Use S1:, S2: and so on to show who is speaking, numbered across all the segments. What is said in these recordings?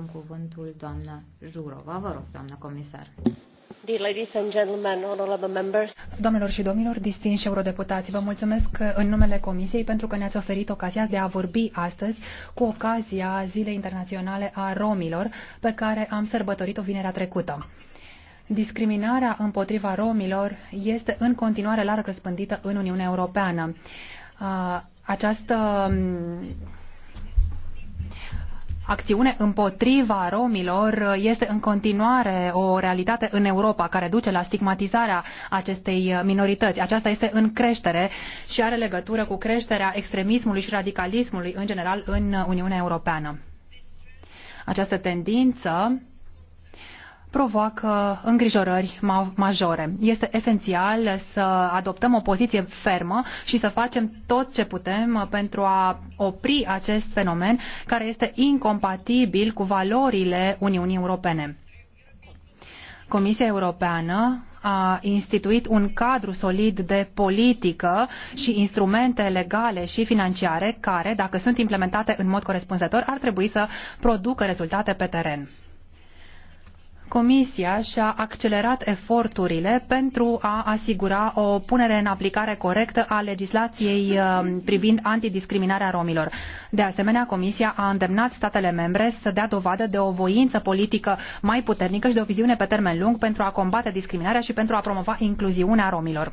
S1: acum cuvântul doamna Jurova. Vă rog, doamna comisar.
S2: Doamnelor și domnilor, distinși eurodeputați, vă mulțumesc în numele Comisiei pentru că ne-ați oferit ocazia de a vorbi astăzi cu ocazia Zilei Internaționale a Romilor, pe care am sărbătorit-o vinerea trecută. Discriminarea împotriva romilor este în continuare larg răspândită în Uniunea Europeană. Această acțiune împotriva romilor este în continuare o realitate în Europa care duce la stigmatizarea acestei minorități. Aceasta este în creștere și are legătură cu creșterea extremismului și radicalismului în general în Uniunea Europeană. Această tendință provoacă îngrijorări majore. Este esențial să adoptăm o poziție fermă și să facem tot ce putem pentru a opri acest fenomen care este incompatibil cu valorile Uniunii Europene. Comisia Europeană a instituit un cadru solid de politică și instrumente legale și financiare care, dacă sunt implementate în mod corespunzător, ar trebui să producă rezultate pe teren. Comisia și-a accelerat eforturile pentru a asigura o punere în aplicare corectă a legislației uh, privind antidiscriminarea romilor. De asemenea, Comisia a îndemnat statele membre să dea dovadă de o voință politică mai puternică și de o viziune pe termen lung pentru a combate discriminarea și pentru a promova incluziunea romilor.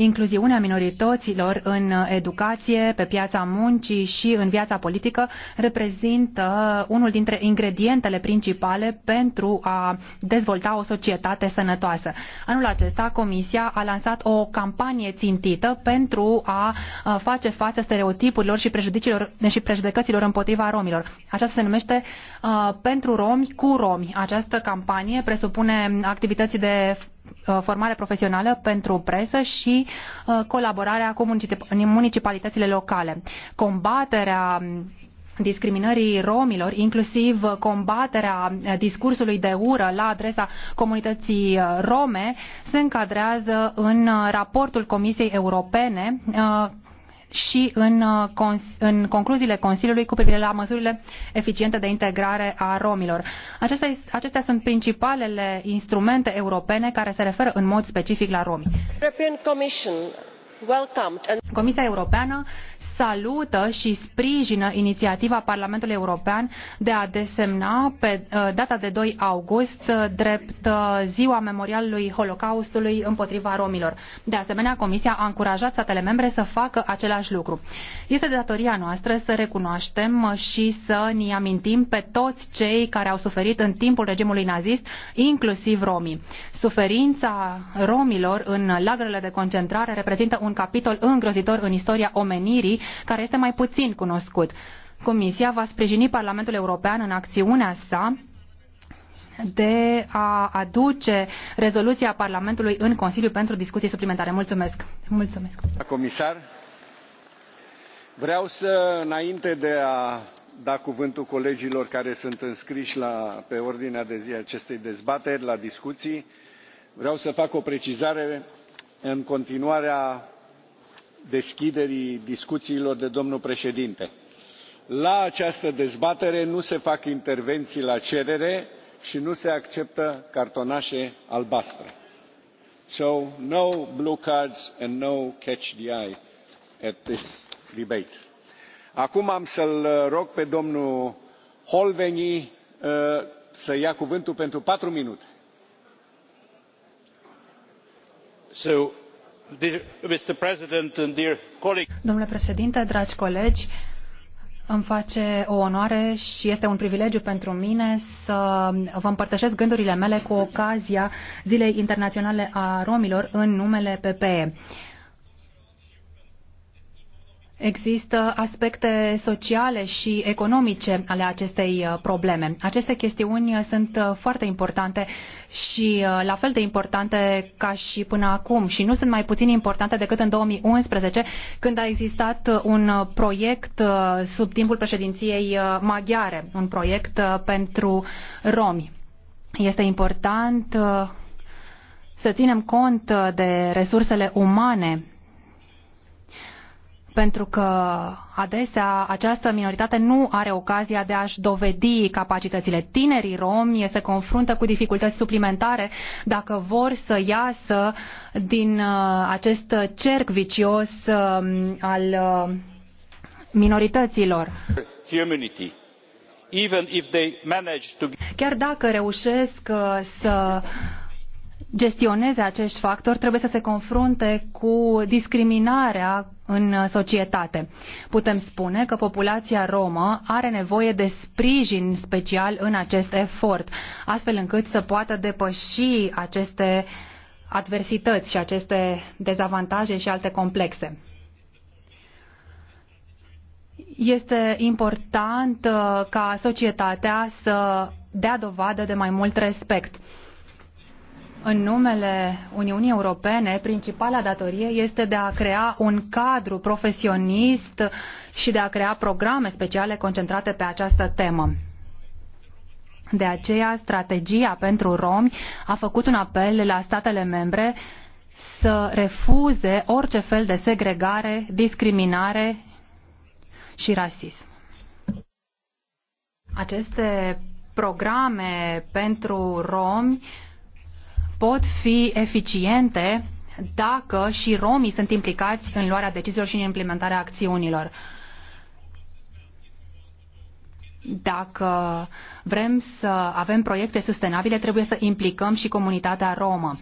S2: Incluziunea minorităților în educație, pe piața muncii și în viața politică reprezintă unul dintre ingredientele principale pentru a dezvolta o societate sănătoasă. Anul acesta, Comisia a lansat o campanie țintită pentru a face față stereotipurilor și, prejudicilor, și prejudecăților împotriva romilor. Aceasta se numește uh, Pentru romi cu romi. Această campanie presupune activități de Uh, formare profesională pentru presă și uh, colaborarea cu municipalitățile locale. Combaterea discriminării romilor, inclusiv combaterea discursului de ură la adresa comunității uh, rome, se încadrează în raportul Comisiei Europene și în, uh, în concluziile Consiliului cu privire la măsurile eficiente de integrare a romilor. Acestea, acestea sunt principalele instrumente europene care se referă în mod specific la romi. Comisia Europeană salută și sprijină inițiativa Parlamentului European de a desemna pe uh, data de 2 august uh, drept uh, ziua memorialului Holocaustului împotriva romilor. De asemenea, Comisia a încurajat statele membre să facă același lucru. Este de datoria noastră să recunoaștem și să ne amintim pe toți cei care au suferit în timpul regimului nazist, inclusiv romii. Suferința romilor în lagrele de concentrare reprezintă un capitol îngrozitor în istoria omenirii, care este mai puțin cunoscut. Comisia va sprijini Parlamentul European în acțiunea sa de a aduce rezoluția Parlamentului în Consiliu pentru discuții suplimentare. Mulțumesc! Mulțumesc!
S3: Comisar, vreau să, înainte de a da cuvântul colegilor care sunt înscriși la, pe ordinea de zi a acestei dezbateri la discuții vreau să fac o precizare în continuarea deschiderii discuțiilor de domnul președinte la această dezbatere nu se fac intervenții la cerere și nu se acceptă cartonașe albastre. so no blue cards and no catch the eye at this debate. acum am să l rog pe domnul holveni uh, să ia cuvântul pentru patru minute.
S2: Domnule președinte, dragi colegi, îmi face o onoare și este un privilegiu pentru mine să vă împărtășesc gândurile mele cu ocazia Zilei Internaționale a Romilor în numele PPE. Există aspecte sociale și economice ale acestei uh, probleme. Aceste chestiuni uh, sunt uh, foarte importante și la fel de importante ca și până acum și nu sunt mai puțin importante decât în 2011 când a existat un proiect sub timpul președinției maghiare, un proiect pentru romi. Este important să ținem cont de resursele umane pentru că adesea această minoritate nu are ocazia de a-și dovedi capacitățile. Tinerii romi se confruntă cu dificultăți suplimentare dacă vor să iasă din uh, acest cerc vicios um, al uh, minorităților.
S3: Humanity. Even if they manage to...
S2: Chiar dacă reușesc uh, să gestioneze acești factori, trebuie să se confrunte cu discriminarea în uh, societate. Putem spune că populația romă are nevoie de sprijin special în acest efort, astfel încât să poată depăși aceste adversități și aceste dezavantaje și alte complexe. Este important uh, ca societatea să dea dovadă de mai mult respect. În numele Uniunii Europene, principala datorie este de a crea un cadru profesionist și de a crea programe speciale concentrate pe această temă. De aceea, strategia pentru romi a făcut un apel la statele membre să refuze orice fel de segregare, discriminare și rasism. Aceste programe pentru romi pot fi eficiente dacă și romii sunt implicați în luarea deciziilor și în implementarea acțiunilor. Dacă vrem să avem proiecte sustenabile, trebuie să implicăm și comunitatea romă.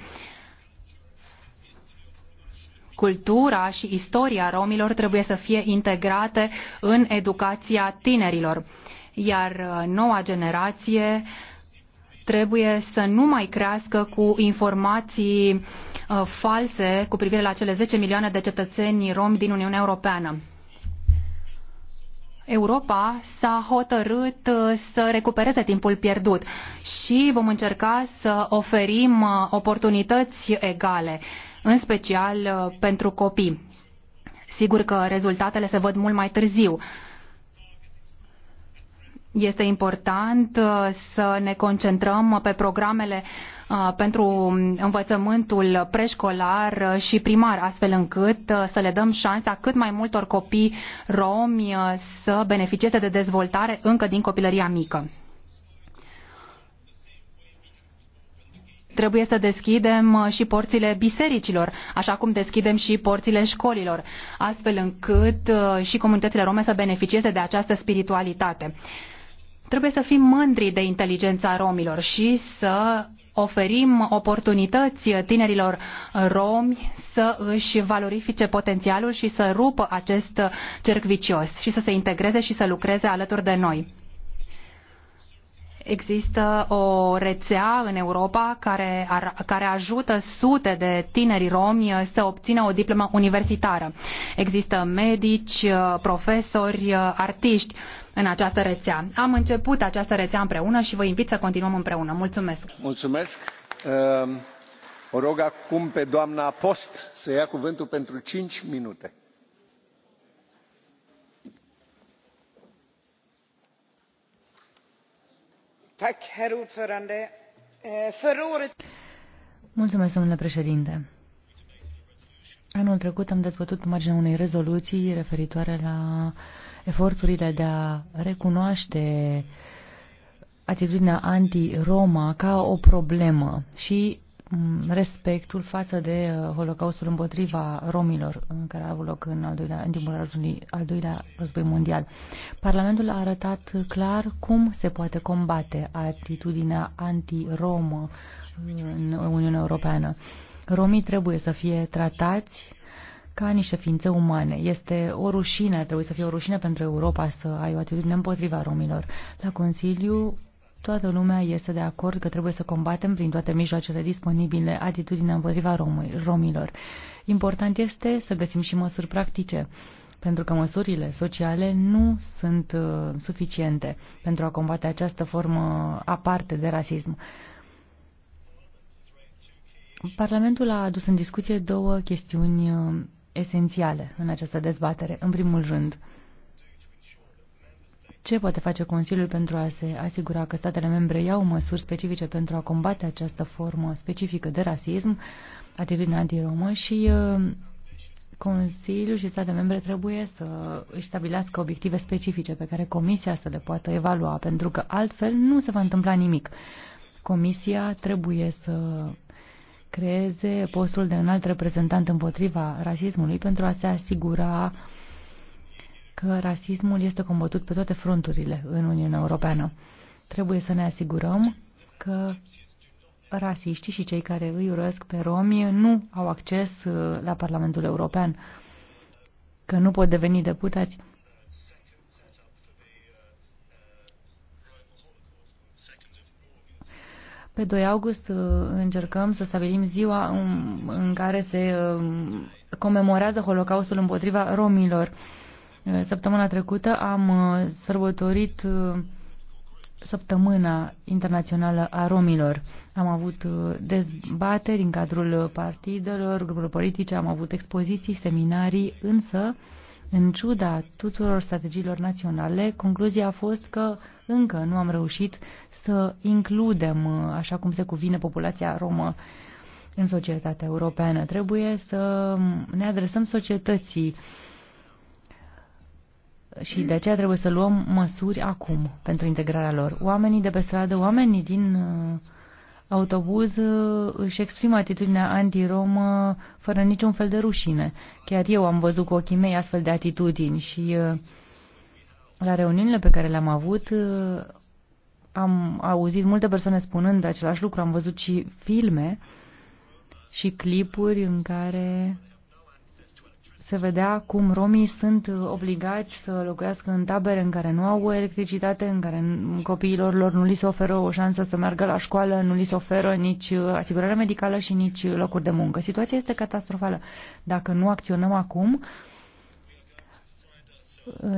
S2: Cultura și istoria romilor trebuie să fie integrate în educația tinerilor, iar noua generație uh, trebuie să nu mai crească cu informații uh, false cu privire la cele 10 milioane de cetățeni romi din Uniunea Europeană. Europa s-a hotărât uh, să recupereze timpul pierdut și vom încerca să oferim uh, oportunități egale, în special pentru copii. Sigur că rezultatele se văd mult mai târziu, este important uh, să ne concentrăm pe programele uh, pentru învățământul preșcolar uh, și primar, astfel încât să le dăm șansa cât mai multor copii romi să beneficieze de dezvoltare încă din copilăria mică. trebuie să deschidem și porțile bisericilor, așa cum deschidem și porțile școlilor, astfel încât și comunitățile rome să beneficieze de această spiritualitate. Trebuie să fim mândri de inteligența romilor și să oferim oportunități tinerilor romi să își valorifice potențialul și să rupă acest cerc vicios și să se integreze și să lucreze alături de noi. Există o rețea în Europa care, ar, care ajută sute de tineri romi să obțină o diplomă universitară. Există medici, profesori, artiști în această rețea. Am început această rețea împreună și vă invit să continuăm împreună. Mulțumesc!
S3: Mulțumesc! Ehm, o rog acum pe doamna Post să ia cuvântul pentru 5 minute. Eh,
S4: Mulțumesc, domnule președinte. Anul trecut am dezbătut pe marginea unei rezoluții referitoare la eforturile de a recunoaște atitudinea anti-Roma ca o problemă și mm, respectul față de uh, Holocaustul împotriva romilor care a avut loc în, al doilea, în timpul al doilea război mondial. Parlamentul a arătat clar cum se poate combate atitudinea anti-romă în Uniunea Europeană. Romii trebuie să fie tratați ca niște ființe umane. Este o rușine, ar trebui să fie o rușine pentru Europa să ai o atitudine împotriva romilor. La Consiliu toată lumea este de acord că trebuie să combatem prin toate mijloacele disponibile atitudinea împotriva romilor. Important este să găsim și măsuri practice, pentru că măsurile sociale nu sunt uh, suficiente pentru a combate această formă aparte de rasism. Parlamentul a adus în discuție două chestiuni uh, esențiale în această dezbatere. În primul rând, ce poate face Consiliul pentru a se asigura că statele membre iau măsuri specifice pentru a combate această formă specifică de rasism, atitudinea anti-romă și uh, Consiliul și statele membre trebuie să își stabilească obiective specifice pe care Comisia să le poată evalua, pentru că altfel nu se va întâmpla nimic. Comisia trebuie să creeze postul de înalt reprezentant împotriva rasismului pentru a se asigura că rasismul este combătut pe toate fronturile în Uniunea Europeană. Trebuie să ne asigurăm că rasiștii și cei care îi urăsc pe romi nu au acces uh, la Parlamentul European, că nu pot deveni deputați Pe 2 august uh, încercăm să stabilim ziua um, în care se um, comemorează Holocaustul împotriva romilor. Uh, săptămâna trecută am uh, sărbătorit Săptămâna Internațională a Romilor. Am avut dezbateri în cadrul partidelor, grupurilor politice, am avut expoziții, seminarii, însă în ciuda tuturor strategiilor naționale, concluzia a fost că încă nu am reușit să includem, așa cum se cuvine, populația romă în societatea europeană. Trebuie să ne adresăm societății și de aceea trebuie să luăm măsuri acum pentru integrarea lor. Oamenii de pe stradă, oamenii din autobuz uh, își exprimă atitudinea rom fără niciun fel de rușine. Chiar eu am văzut cu ochii mei astfel de atitudini și uh, la reuniunile pe care le-am avut uh, am auzit multe persoane spunând același lucru, am văzut și filme și clipuri în care se vedea cum romii sunt uh, obligați să locuiască în tabere în care nu au electricitate, în care copiilor lor nu li se oferă o șansă să meargă la școală, nu li se oferă nici uh, asigurare medicală și nici uh, locuri de muncă. Situația este catastrofală. Dacă nu acționăm acum,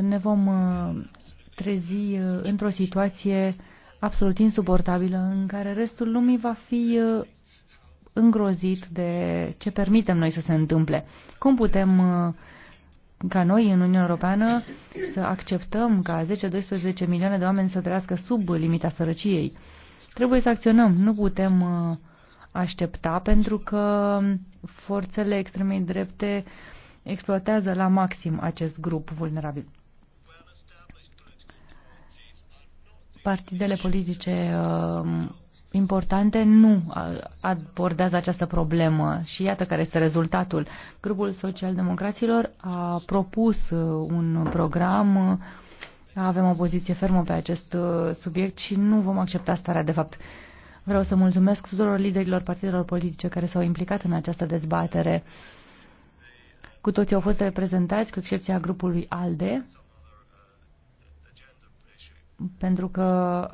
S4: ne vom trezi într-o situație absolut insuportabilă în care restul lumii va fi îngrozit de ce permitem noi să se întâmple. Cum putem uh, ca noi în Uniunea Europeană să acceptăm ca 10-12 milioane de oameni să trăiască sub limita sărăciei? Trebuie să acționăm, nu putem uh, aștepta pentru că forțele extremei drepte exploatează la maxim acest grup vulnerabil. Partidele politice uh, importante nu abordează această problemă și iată care este rezultatul. Grupul Social-Democraților a propus uh, un program, uh, avem o poziție fermă pe acest uh, subiect și nu vom accepta starea de fapt. Vreau să mulțumesc tuturor liderilor partidelor politice care s-au implicat în această dezbatere. Cu toții au fost reprezentați, cu excepția grupului ALDE, pentru că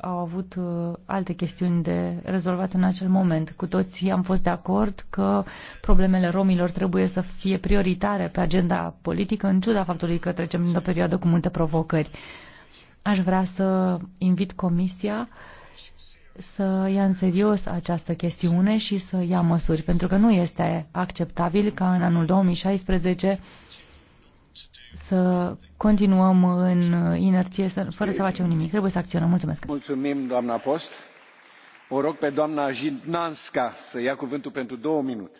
S4: au avut uh, alte chestiuni de rezolvat în acel moment. Cu toții am fost de acord că problemele romilor trebuie să fie prioritare pe agenda politică, în ciuda faptului că trecem într-o perioadă cu multe provocări. Aș vrea să invit Comisia să ia în serios această chestiune și să ia măsuri, pentru că nu este acceptabil ca în anul 2016 să continuăm în inerție, fără să facem nimic. Trebuie să acționăm. Mulțumesc.
S3: Mulțumim, doamna Post. O rog pe doamna Jitnanska să ia cuvântul pentru două minute.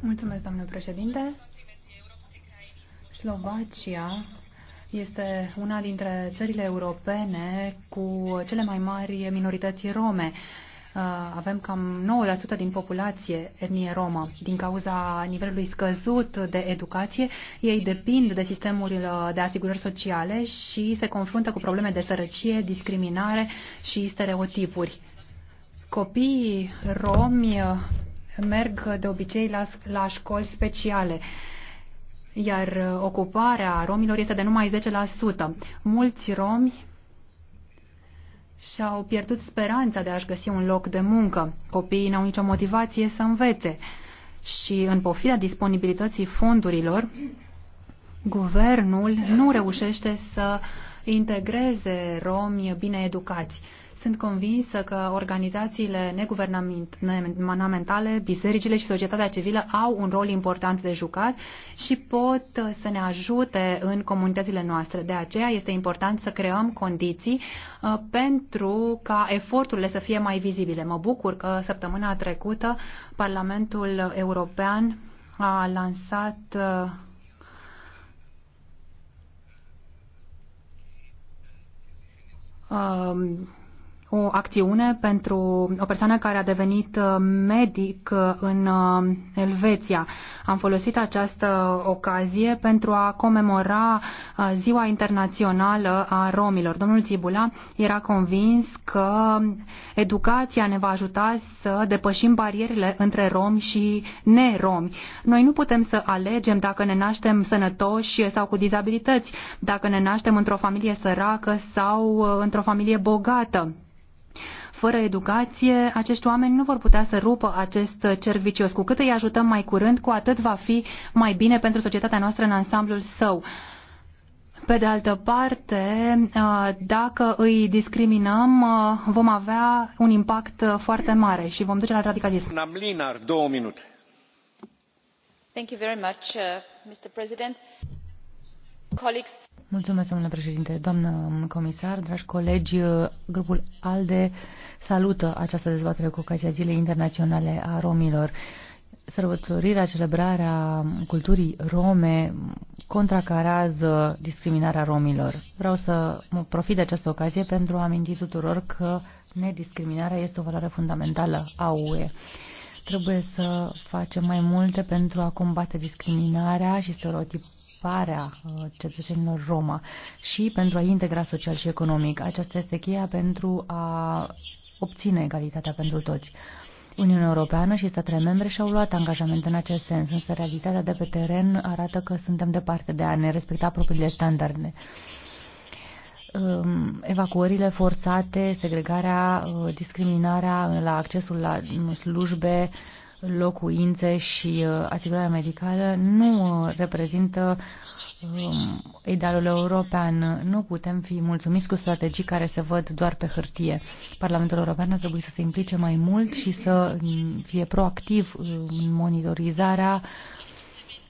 S2: Mulțumesc, domnule președinte. Slovacia este una dintre țările europene cu cele mai mari minorități rome. Uh, avem cam 9% din populație etnie romă. Din cauza nivelului scăzut de educație, ei depind de sistemul uh, de asigurări sociale și se confruntă cu probleme de sărăcie, discriminare și stereotipuri. Copiii romi uh, merg de obicei la, la școli speciale iar ocuparea romilor este de numai 10%. Mulți romi și-au pierdut speranța de a-și găsi un loc de muncă. Copiii n-au nicio motivație să învețe și în pofida disponibilității fondurilor, guvernul nu reușește să integreze romi bine educați sunt convinsă că organizațiile neguvernamentale, bisericile și societatea civilă au un rol important de jucat și pot să ne ajute în comunitățile noastre. De aceea este important să creăm condiții uh, pentru ca eforturile să fie mai vizibile. Mă bucur că săptămâna trecută Parlamentul European a lansat uh, um, o acțiune pentru o persoană care a devenit uh, medic uh, în uh, Elveția. Am folosit această ocazie pentru a comemora Ziua Internațională a Romilor. Domnul Țibula era convins că educația ne va ajuta să depășim barierele între romi și neromi. Noi nu putem să alegem dacă ne naștem sănătoși sau cu dizabilități, dacă ne naștem într-o familie săracă sau într-o familie bogată fără educație, acești oameni nu vor putea să rupă acest cervicios. vicios. Cu cât îi ajutăm mai curând, cu atât va fi mai bine pentru societatea noastră în ansamblul său. Pe de altă parte, uh, dacă îi discriminăm, uh, vom avea un impact foarte mare și vom duce la radicalism.
S3: Namlinar, două minute.
S2: Thank you very much, uh, Mr. President. Colleagues,
S4: Mulțumesc, domnule președinte, doamnă comisar, dragi colegi. Grupul ALDE salută această dezbatere cu ocazia Zilei Internaționale a Romilor. Sărbătorirea, celebrarea culturii rome contracarează discriminarea romilor. Vreau să mă profit de această ocazie pentru a aminti tuturor că nediscriminarea este o valoare fundamentală a UE trebuie să facem mai multe pentru a combate discriminarea și stereotipul participarea uh, cetățenilor Roma și pentru a integra social și economic. Aceasta este cheia pentru a obține egalitatea pentru toți. Uniunea Europeană și statele membre și-au luat angajament în acest sens, însă realitatea de pe teren arată că suntem departe de a ne respecta propriile standarde. Um, evacuările forțate, segregarea, uh, discriminarea la accesul la slujbe, locuințe și uh, asigurarea medicală nu uh, reprezintă um, idealul european. Nu putem fi mulțumiți cu strategii care se văd doar pe hârtie. Parlamentul European a trebuit să se implice mai mult și să mm, fie proactiv uh, în monitorizarea uh,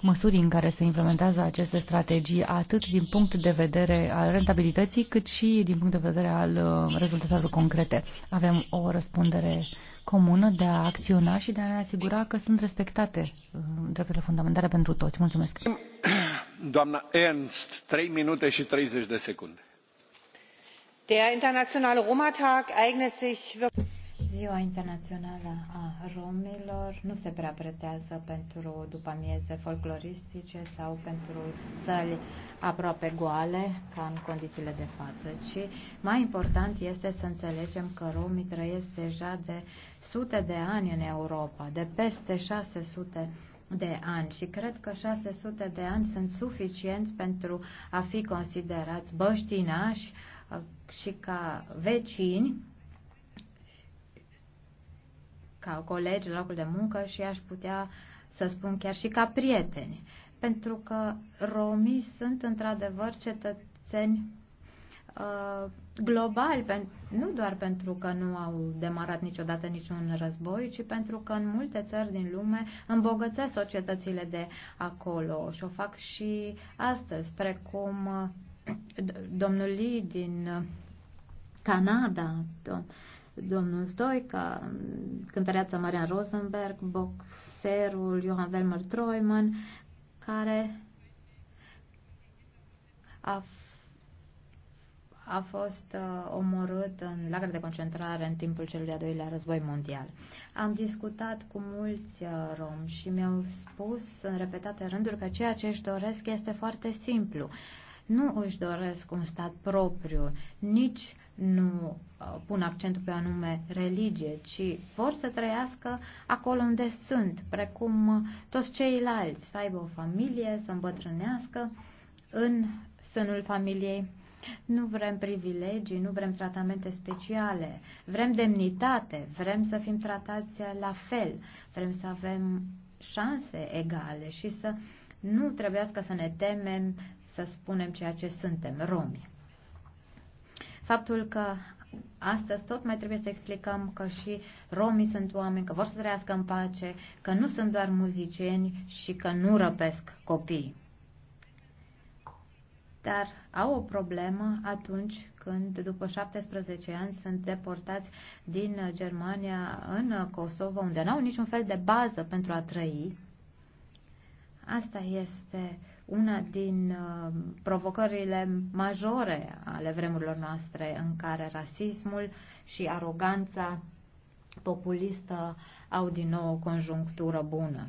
S4: măsuri în care se implementează aceste strategii, atât din punct de vedere al rentabilității, cât și din punct de vedere al uh, rezultatelor concrete. Avem o răspundere comună de a acționa și de a ne asigura că sunt respectate uh, drepturile fundamentale pentru toți. Mulțumesc.
S3: Doamna Ernst, 3 minute și 30 de secunde.
S2: Der internationale Roma-Tag eignet
S1: sich Ziua Internațională a Romilor nu se prea pretează pentru după amieze folcloristice sau pentru săli aproape goale, ca în condițiile de față, ci mai important este să înțelegem că romii trăiesc deja de sute de ani în Europa, de peste 600 de ani și cred că 600 de ani sunt suficienți pentru a fi considerați băștinași uh, și ca vecini ca colegi la locul de muncă și aș putea să spun chiar și ca prieteni. Pentru că romii sunt într-adevăr cetățeni uh, global, nu doar pentru că nu au demarat niciodată niciun război, ci pentru că în multe țări din lume îmbogățesc societățile de acolo și o fac și astăzi, precum uh, domnul Lee din Canada, domnul Stoica, cântăreața Marian Rosenberg, boxerul Johan Velmer Troiman, care a, a fost uh, omorât în lagăr de concentrare în timpul celui de-al doilea război mondial. Am discutat cu mulți uh, romi și mi-au spus în repetate rânduri că ceea ce își doresc este foarte simplu. Nu își doresc un stat propriu, nici nu uh, pun accentul pe anume religie, ci vor să trăiască acolo unde sunt, precum uh, toți ceilalți, să aibă o familie, să îmbătrânească în sânul familiei. Nu vrem privilegii, nu vrem tratamente speciale, vrem demnitate, vrem să fim tratați la fel, vrem să avem șanse egale și să nu trebuiască să ne temem să spunem ceea ce suntem, romi. Faptul că astăzi tot mai trebuie să explicăm că și romii sunt oameni, că vor să trăiască în pace, că nu sunt doar muzicieni și că nu răpesc copii. Dar au o problemă atunci când, după 17 ani, sunt deportați din Germania în Kosovo, unde n-au niciun fel de bază pentru a trăi. Asta este uh, una din uh, provocările majore ale vremurilor noastre în care rasismul și aroganța populistă au din nou o conjunctură bună.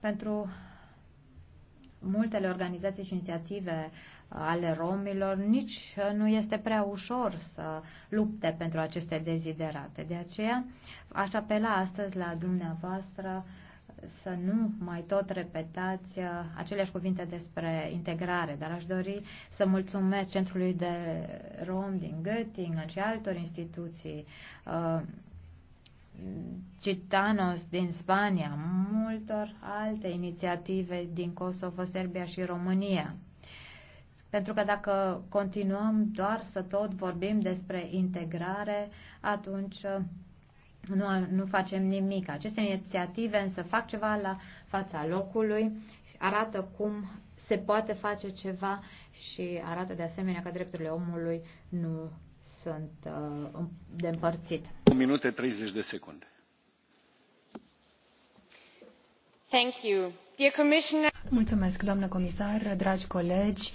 S1: Pentru multele organizații și inițiative ale romilor, nici nu este prea ușor să lupte pentru aceste deziderate. De aceea aș apela astăzi la dumneavoastră să nu mai tot repetați uh, aceleași cuvinte despre integrare, dar aș dori să mulțumesc Centrului de Rom din Göttingen și altor instituții, uh, Gitanos din Spania, multor alte inițiative din Kosovo, Serbia și România. Pentru că dacă continuăm doar să tot vorbim despre integrare, atunci uh, nu, nu facem nimic. Aceste inițiative însă fac ceva la fața locului, arată cum se poate face ceva și arată de asemenea că drepturile omului nu sunt
S2: uh, de împărțit.
S3: Un minute 30 de secunde.
S2: Thank you. Dear Commissioner... Mulțumesc, doamnă comisar, dragi colegi.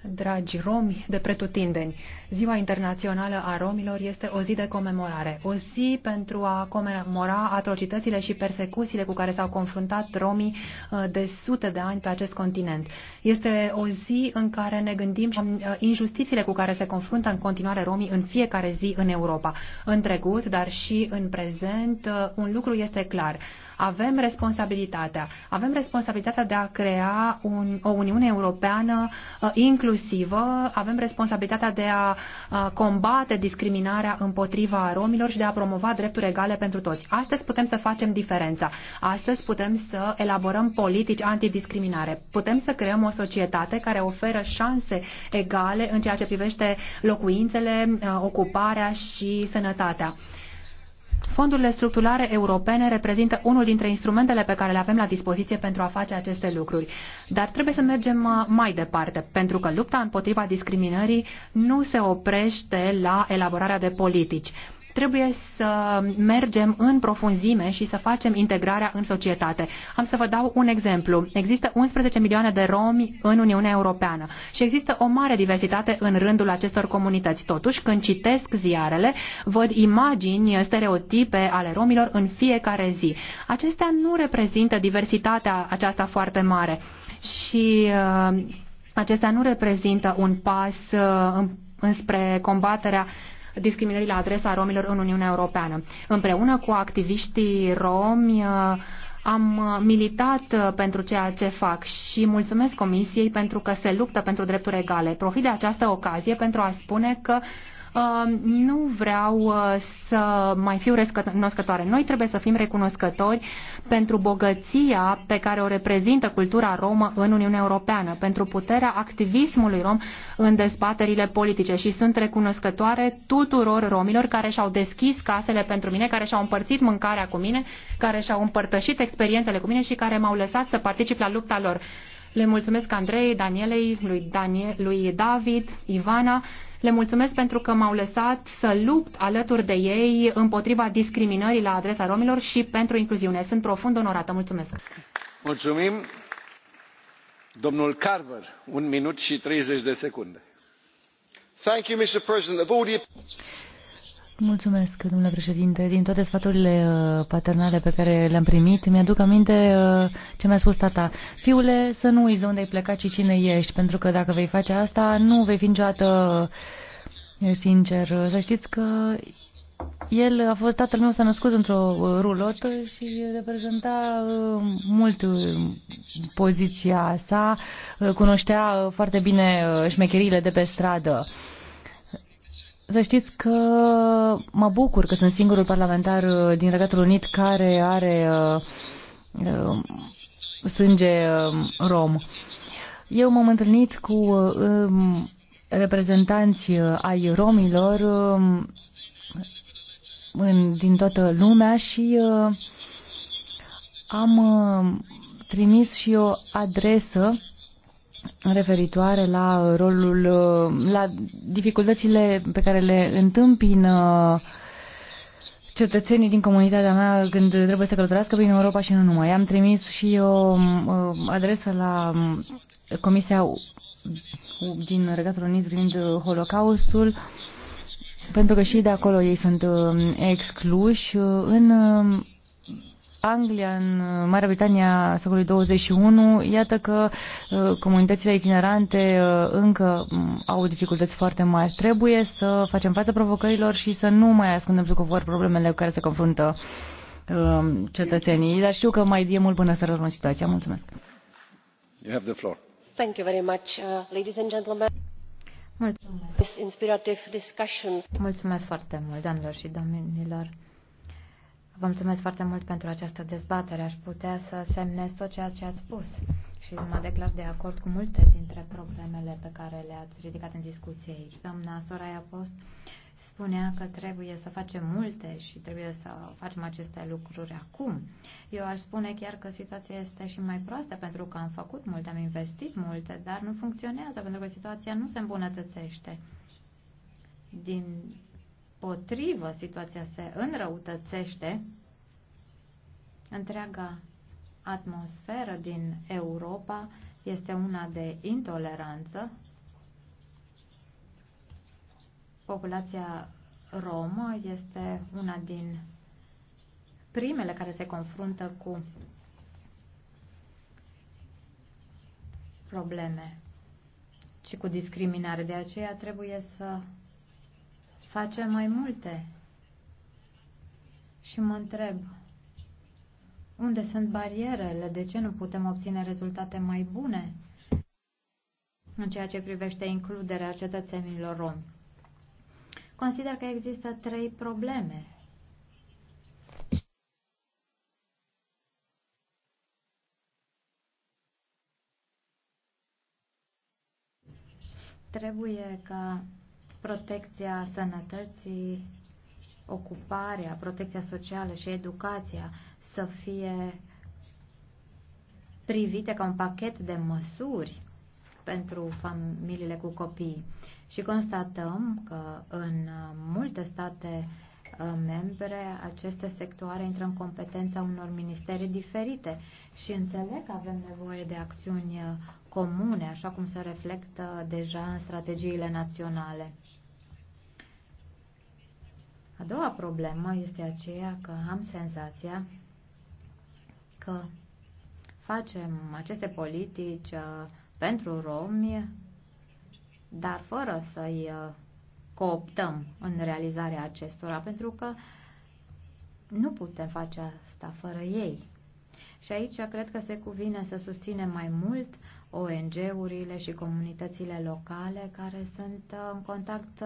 S2: Dragi romi de pretutindeni, Ziua Internațională a Romilor este o zi de comemorare, o zi pentru a comemora atrocitățile și persecuțiile cu care s-au confruntat romii uh, de sute de ani pe acest continent. Este o zi în care ne gândim și uh, injustițiile cu care se confruntă în continuare romii în fiecare zi în Europa. În trecut, dar și în prezent, uh, un lucru este clar. Avem responsabilitatea. Avem responsabilitatea de a crea un, o Uniune Europeană inclusiv inclusivă, avem responsabilitatea de a combate discriminarea împotriva romilor și de a promova drepturi egale pentru toți. Astăzi putem să facem diferența. Astăzi putem să elaborăm politici antidiscriminare. Putem să creăm o societate care oferă șanse egale în ceea ce privește locuințele, ocuparea și sănătatea. Fondurile structurale europene reprezintă unul dintre instrumentele pe care le avem la dispoziție pentru a face aceste lucruri. Dar trebuie să mergem uh, mai departe, pentru că lupta împotriva discriminării nu se oprește la elaborarea de politici. Trebuie să mergem în profunzime și să facem integrarea în societate. Am să vă dau un exemplu. Există 11 milioane de romi în Uniunea Europeană și există o mare diversitate în rândul acestor comunități. Totuși, când citesc ziarele, văd imagini stereotipe ale romilor în fiecare zi. Acestea nu reprezintă diversitatea aceasta foarte mare și uh, acestea nu reprezintă un pas uh, înspre combaterea discriminării la adresa romilor în Uniunea Europeană. Împreună cu activiștii romi uh, am militat uh, pentru ceea ce fac și mulțumesc Comisiei pentru că se luptă pentru drepturi egale. Profit de această ocazie pentru a spune că nu vreau uh, să mai fiu recunoscătoare. Noi trebuie să fim recunoscători pentru bogăția pe care o reprezintă cultura romă în Uniunea Europeană, pentru puterea activismului rom în dezbaterile politice și sunt recunoscătoare tuturor romilor care și-au deschis casele pentru mine, care și-au împărțit mâncarea cu mine, care și-au împărtășit experiențele cu mine și care m-au lăsat să particip la lupta lor. Le mulțumesc Andrei, Danielei, lui, Daniel, lui David, Ivana le mulțumesc pentru că m-au lăsat să lupt alături de ei împotriva discriminării la adresa romilor și pentru incluziune. Sunt profund onorată. Mulțumesc!
S3: Mulțumim! Domnul Carver, un minut și 30 de secunde. Thank you, Mr. President. Of all the...
S4: Mulțumesc, domnule președinte. Din toate sfaturile uh, paternale pe care le-am primit, mi-aduc aminte uh, ce mi-a spus tata. Fiule, să nu uiți de unde ai plecat, și cine ești, pentru că dacă vei face asta, nu vei fi niciodată uh, sincer. Să știți că el a fost, tatăl meu s-a născut într-o rulotă și reprezenta mult poziția sa, cunoștea foarte bine șmecherile de pe stradă. Să știți că mă bucur că sunt singurul parlamentar uh, din Regatul Unit care are uh, uh sânge uh, rom. Eu m-am întâlnit cu uh, um, reprezentanți ai romilor uh, în, din toată lumea și uh, am uh, trimis și o adresă referitoare la rolul, la dificultățile pe care le întâmpină cetățenii din comunitatea mea când trebuie să călătorească prin Europa și nu numai. Am trimis și o adresă la Comisia din Regatul Unit privind Holocaustul, pentru că și de acolo ei sunt uh, excluși uh, în Anglia, în Marea Britanie a secolului 21, iată că uh, comunitățile itinerante uh, încă mm, au dificultăți foarte mari. Trebuie să facem față provocărilor și să nu mai ascundem sub covor problemele cu care se confruntă um, cetățenii, dar știu că mai e mult până să rămân situația. Mulțumesc. You have the floor. Thank you very much, uh, ladies and gentlemen. Mulțumesc. This inspirative discussion.
S3: Mulțumesc
S1: foarte mult, doamnelor și domnilor. Vă mulțumesc foarte mult pentru această dezbatere. Aș putea să semnez tot ceea ce ați spus și mă declar de acord cu multe dintre problemele pe care le-ați ridicat în discuție aici. Doamna Soraya Post spunea că trebuie să facem multe și trebuie să facem aceste lucruri acum. Eu aș spune chiar că situația este și mai proastă pentru că am făcut multe, am investit multe, dar nu funcționează pentru că situația nu se îmbunătățește. Din potrivă, situația se înrăutățește, întreaga atmosferă din Europa este una de intoleranță. Populația romă este una din primele care se confruntă cu probleme și cu discriminare. De aceea trebuie să face mai multe. Și mă întreb, unde sunt barierele? De ce nu putem obține rezultate mai bune în ceea ce privește includerea cetățenilor romi? Consider că există trei probleme trebuie ca protecția sănătății, ocuparea, protecția socială și educația să fie privite ca un pachet de măsuri pentru familiile cu copii. Și constatăm că în multe state uh, membre, aceste sectoare intră în competența unor ministere diferite și înțeleg că avem nevoie de acțiuni uh, comune, așa cum se reflectă deja în strategiile naționale. A doua problemă este aceea că am senzația că facem aceste politici uh, pentru romi, dar fără să-i uh, cooptăm în realizarea acestora, pentru că nu putem face asta fără ei. Și aici cred că se cuvine să susținem mai mult ONG-urile și comunitățile locale care sunt uh, în contact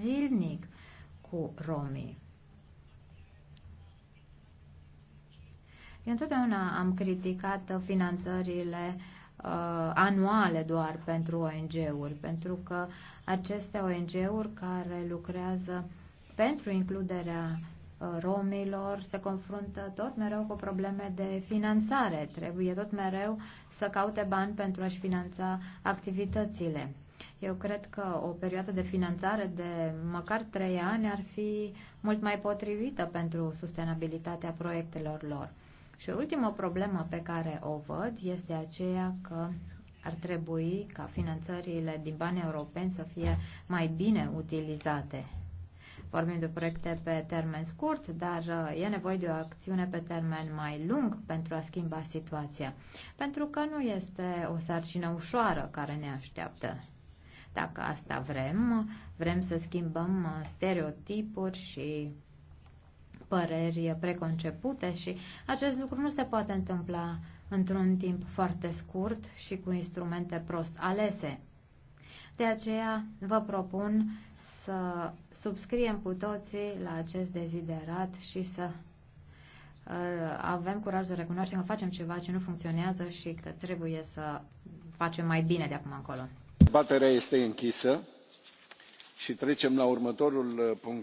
S1: zilnic cu romii. Eu întotdeauna am criticat finanțările uh, anuale doar pentru ONG-uri, pentru că aceste ONG-uri care lucrează pentru includerea uh, romilor se confruntă tot mereu cu probleme de finanțare. Trebuie tot mereu să caute bani pentru a-și finanța activitățile. Eu cred că o perioadă de finanțare de măcar trei ani ar fi mult mai potrivită pentru sustenabilitatea proiectelor lor. Și ultima problemă pe care o văd este aceea că ar trebui ca finanțările din bani europeni să fie mai bine utilizate. Vorbim de proiecte pe termen scurt, dar uh, e nevoie de o acțiune pe termen mai lung pentru a schimba situația, pentru că nu este o sarcină ușoară care ne așteaptă. Dacă asta vrem, vrem să schimbăm uh, stereotipuri și păreri preconcepute și acest lucru nu se poate întâmpla într-un timp foarte scurt și cu instrumente prost alese. De aceea vă propun să subscriem cu toții la acest deziderat și să uh, avem curaj să recunoaștem că facem ceva ce nu funcționează și că trebuie să facem mai bine de acum încolo
S3: dezbaterea este închisă și trecem la următorul uh, punct.